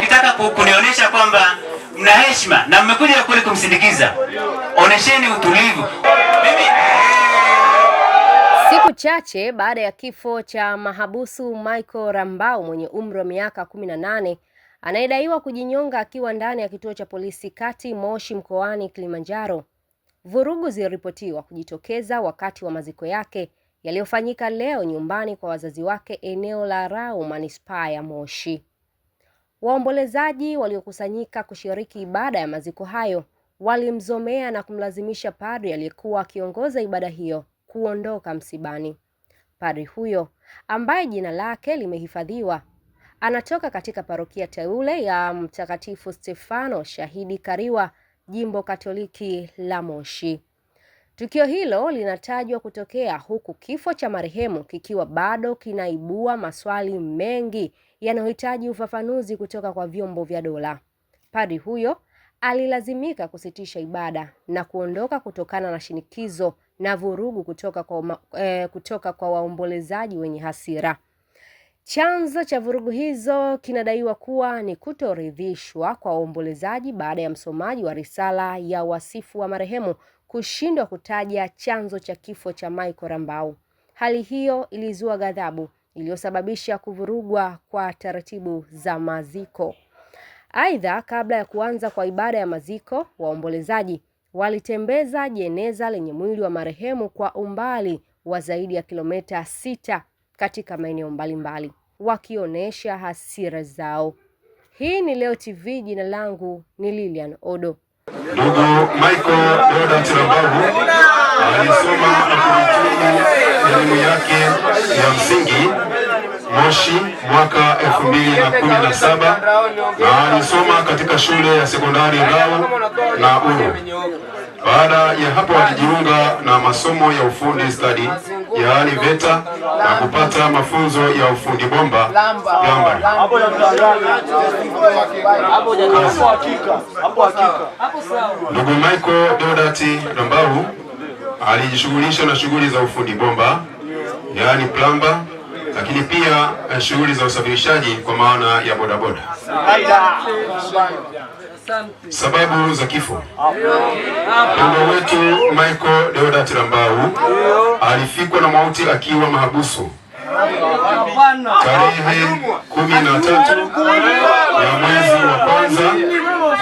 Kitaka kunionyesha kwamba mna heshima na mmekuja kule kumsindikiza, onesheni utulivu. Siku chache baada ya kifo cha mahabusu Michael Rambau mwenye umri wa miaka 18 anayedaiwa kujinyonga akiwa ndani ya kituo cha polisi Kati Moshi mkoani Kilimanjaro, vurugu ziliripotiwa kujitokeza wakati wa maziko yake yaliyofanyika leo nyumbani kwa wazazi wake eneo la Rau manispaa ya Moshi. Waombolezaji waliokusanyika kushiriki ibada ya maziko hayo walimzomea na kumlazimisha padri aliyekuwa akiongoza ibada hiyo kuondoka msibani. Padri huyo ambaye jina lake limehifadhiwa anatoka katika parokia teule ya Mtakatifu Stefano Shahidi Kariwa, jimbo Katoliki la Moshi. Tukio hilo linatajwa kutokea huku kifo cha marehemu kikiwa bado kinaibua maswali mengi yanayohitaji ufafanuzi kutoka kwa vyombo vya dola. Padri huyo alilazimika kusitisha ibada na kuondoka kutokana na shinikizo na vurugu kutoka kwa, eh, kutoka kwa waombolezaji wenye hasira. Chanzo cha vurugu hizo kinadaiwa kuwa ni kutoridhishwa kwa waombolezaji baada ya msomaji wa risala ya wasifu wa marehemu kushindwa kutaja chanzo cha kifo cha Michael Rambau. Hali hiyo ilizua ghadhabu iliyosababisha kuvurugwa kwa taratibu za maziko. Aidha, kabla ya kuanza kwa ibada ya maziko, waombolezaji walitembeza jeneza lenye mwili wa marehemu kwa umbali wa zaidi ya kilomita sita katika maeneo mbalimbali, wakionyesha hasira zao. Hii ni Leo TV, jina langu ni Lilian Odo. Ndugu Michael Deodat Rambavu alisoma na kuhitimu elimu yake ya msingi Moshi mwaka elfu 2017 na, na alisoma katika shule ya sekondari Ngao na Uru. Baada ya hapo alijiunga na masomo ya ufundi stadi ya yaani VETA na kupata mafunzo ya ufundi bomba plumber. Ndugu Michael Dodati Ndambaru alijishughulisha na shughuli za ufundi bomba yaani plumber, lakini pia eh, shughuli za usafirishaji kwa maana ya bodaboda sababu za kifo. Mpendwa wetu Michael Deodat Rambau alifikwa na mauti akiwa mahabusu tarehe kumi na tatu ya mwezi wa kwanza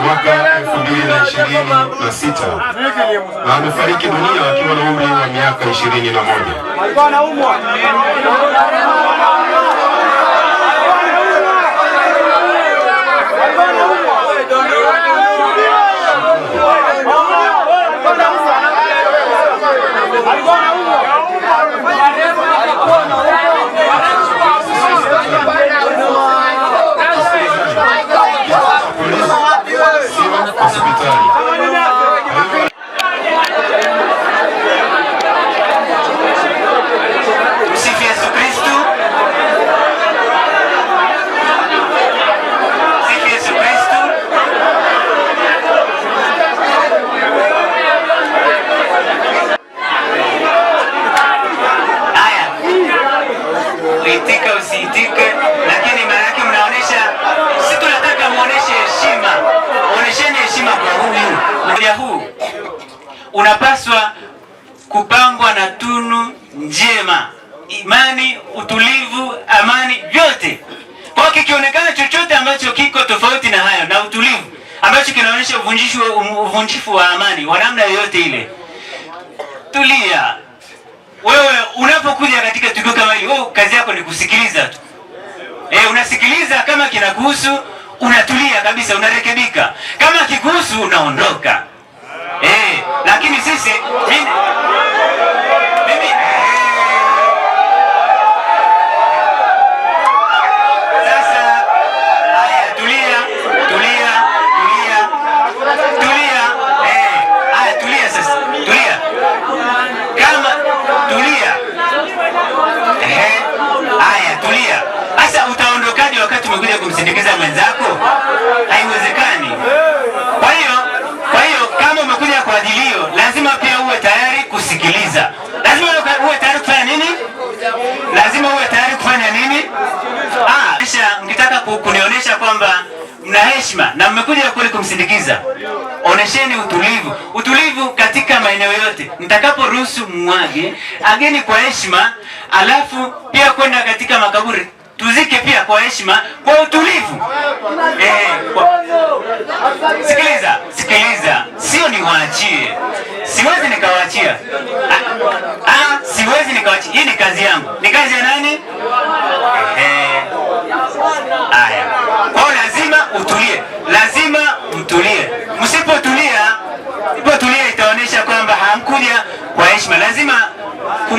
mwaka elfu mbili na ishirini na sita na amefariki dunia akiwa na umri wa miaka ishirini na moja. itika usiitike, lakini maana yake mnaonesha, si tunataka muoneshe heshima. Muonesheni heshima kwa huyu moja. Huu unapaswa kupangwa na tunu njema, imani, utulivu, amani, vyote kwa kikionekana chochote ambacho kiko tofauti na hayo na utulivu ambacho kinaonyesha uvunjifu wa amani wa namna yoyote ile, tulia wewe unapokuja katika tukio kama hili, wewe kazi yako ni kusikiliza tu. Eh, unasikiliza kama kinakuhusu unatulia kabisa, unarekebika. Kama kikuhusu unaondoka. Eh, lakini sisi mimi heshima na mmekuja kule kumsindikiza. Onesheni utulivu, utulivu katika maeneo yote. Mtakaporuhusu muage ageni kwa heshima, alafu pia kwenda katika makaburi tuzike pia kwa heshima, kwa utulivu eh, kwa... sikiliza